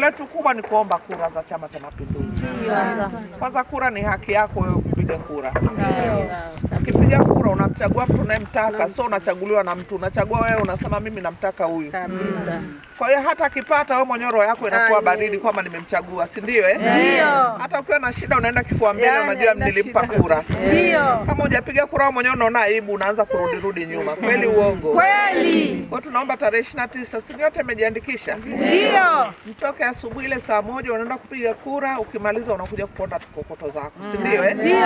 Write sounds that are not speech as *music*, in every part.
letu kubwa ni kuomba kura za Chama cha Mapinduzi. Kwanza kura ni haki yako wewe usipiga kura. Ukipiga kura unamchagua mtu unayemtaka, so unachaguliwa na mtu, unachagua wewe, unasema mimi namtaka huyu. Mm. Kwa hiyo hata akipata wewe mwenyewe roho yako inakuwa baridi kwamba nimemchagua, si ndio? Eh, hata ukiwa na shida unaenda kifua mbele, yaani unajua nilimpa kura. Kama hujapiga kura wewe mwenyewe unaona aibu, unaanza kurudi rudi nyuma. Kweli uongo? Kweli. Kwa tunaomba tarehe 29, si nyote tumejiandikisha. Ndio. Mtoke asubuhi ile saa moja unaenda kupiga kura, ukimaliza unakuja kupota kokoto zako, si ndio? Eh, ndio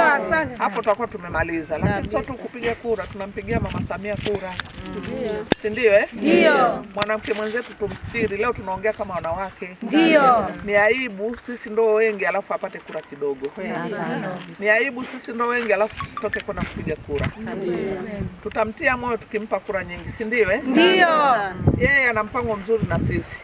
hapo tutakuwa tumemaliza, lakini sio tu kupiga kura, tunampigia Mama Samia kura, si ndio? Eh, ndio mwanamke mwenzetu tumstiri. Leo tunaongea kama wanawake, ndio ni aibu sisi ndo wengi alafu apate kura kidogo, ni aibu sisi ndo wengi alafu tusitoke kwenda kupiga kura. Tutamtia moyo tukimpa kura nyingi, si ndio? Eh, ndio yeye ana mpango mzuri na sisi,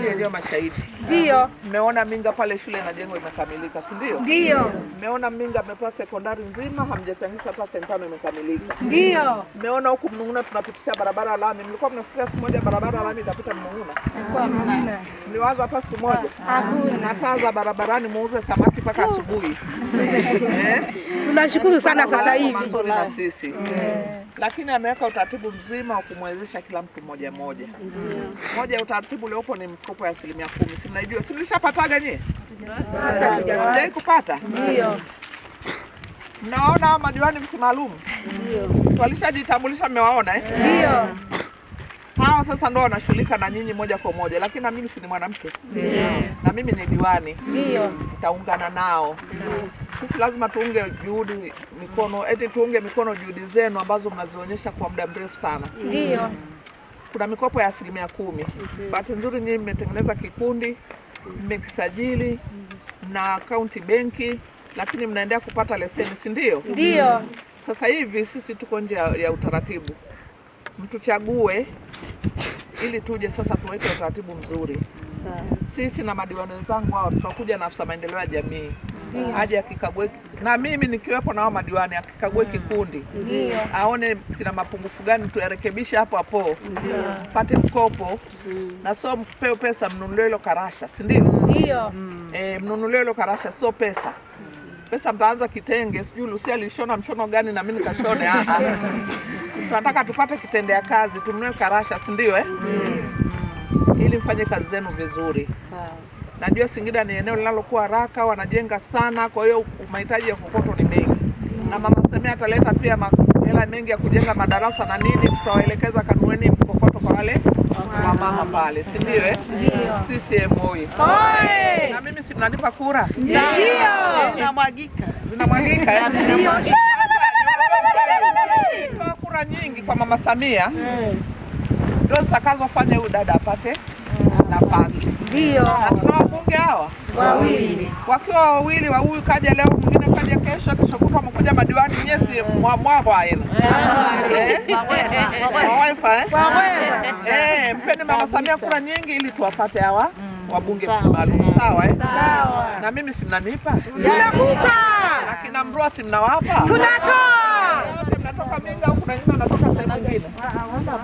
ndio ndio mashahidi. Ndio mmeona Minga pale shule na jengo imekamilika, si ndio? Ndio mmeona Minga amepewa sekondari nzima hamjachangisha hata senti tano, imekamilika. Ndio mmeona huku Mnung'una tunapitisha barabara lami. Mlikuwa mnafikiria siku moja barabara lami itapita Mnung'una? Mliwaza hata siku moja? Hakuna. Taa za barabarani, muuze samaki mpaka asubuhi. *laughs* Eh? Tunashukuru sana sasa hivi na sisi eh. lakini ameweka utaratibu mzima wa kumwezesha kila mtu mmoja mmoja. Moja ya utaratibu uliopo ni mkopo ya asilimia kumi. Si mnaijua? Si mlishapataga nyie? Mjai kupata? Ndio. Mnaona madiwani viti maalum jitambulisha, mmewaona eh? Ndio. Hawa sasa ndio wanashughulika na nyinyi moja kwa moja, lakini na mimi si ni mwanamke na mimi ni diwani, nitaungana nao. Sisi lazima tuunge juhudi mikono, eti tuunge mikono juhudi zenu ambazo mnazionyesha kwa muda mrefu sana. Ndio. Kuna mikopo ya asilimia kumi. Bahati nzuri nyinyi mmetengeneza kikundi, mmekisajili na kaunti benki lakini mnaendelea kupata leseni, si ndio? Ndio. Sasa hivi sisi tuko nje ya utaratibu, mtuchague ili tuje sasa tuweke utaratibu mzuri. Sa. Sisi na madiwani wenzangu hao tutakuja na afisa maendeleo ya jamii aje akikague, na mimi nikiwepo na hao madiwani, akikague mm. kikundi Ndiyo. aone kina mapungufu gani, tuyarekebishe hapo hapo, pate mkopo Ndiyo. Mm. na sio mpeo pesa, mnunulie hilo karasha, si ndio? Ndio. Mm. E, mnunulie hilo karasha, sio pesa pesa mtaanza kitenge, sijui Lucia alishona mshono gani na mimi nikashone. Ah, ah. Tunataka tupate kitendea kazi, tununue karasha, si ndio eh? Mm. Ili mfanye kazi zenu vizuri. Sawa. Najua Singida ni eneo linalokuwa haraka, wanajenga sana, kwa hiyo mahitaji ya kokoto ni mengi. Mm. Na Mama Samia ataleta pia hela mengi ya kujenga madarasa na nini, tutawaelekeza kanueni mkokoto kwa wale mama pale, si ndio? Eh? CCM oyee! Na mimi si mnanipa kura, zinamwagika zinamwagika toa eh? kura nyingi kwa mama Samia ndio zitakazofanya huyu dada apate mm. nafasi. Ndio, na wabunge hawa wawili, wakiwa wawili wa huyu kaja leo, mwingine kaja kesho, kesho kutwa mkuja madiwani. Nyie si mwamwahwaena Eh, eh? eh mpeni Mama Samia kura nyingi ili tuwapate hawa mm. wabunge viti maalum, sawa? eh? Na mimi si mnanipa, tunakupa. Lakini Mrua si mnawapa, tunatoa. Wote Mnatoka Minga huko na nyingine natoka sehemu nyingine, ah, ah,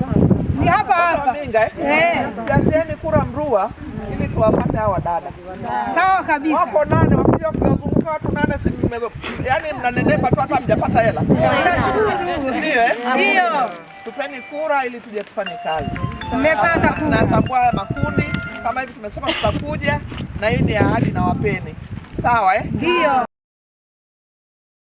ni hapa hapa Minga. Eh. Jazeni kura Mrua ili tuwapate hawa dada. Sawa kabisa. nane kuzunguka watu nane, si yaani mnanenepa tu hata mjapata hela. Nashukuru ndio eh? Ndio. Tupeni kura ili tuje tufanye kazi. Mmepata kura. Natambua haya makundi kama hivi tumesema tutakuja na hii ni ahadi na wapeni. Sawa eh? Ndio.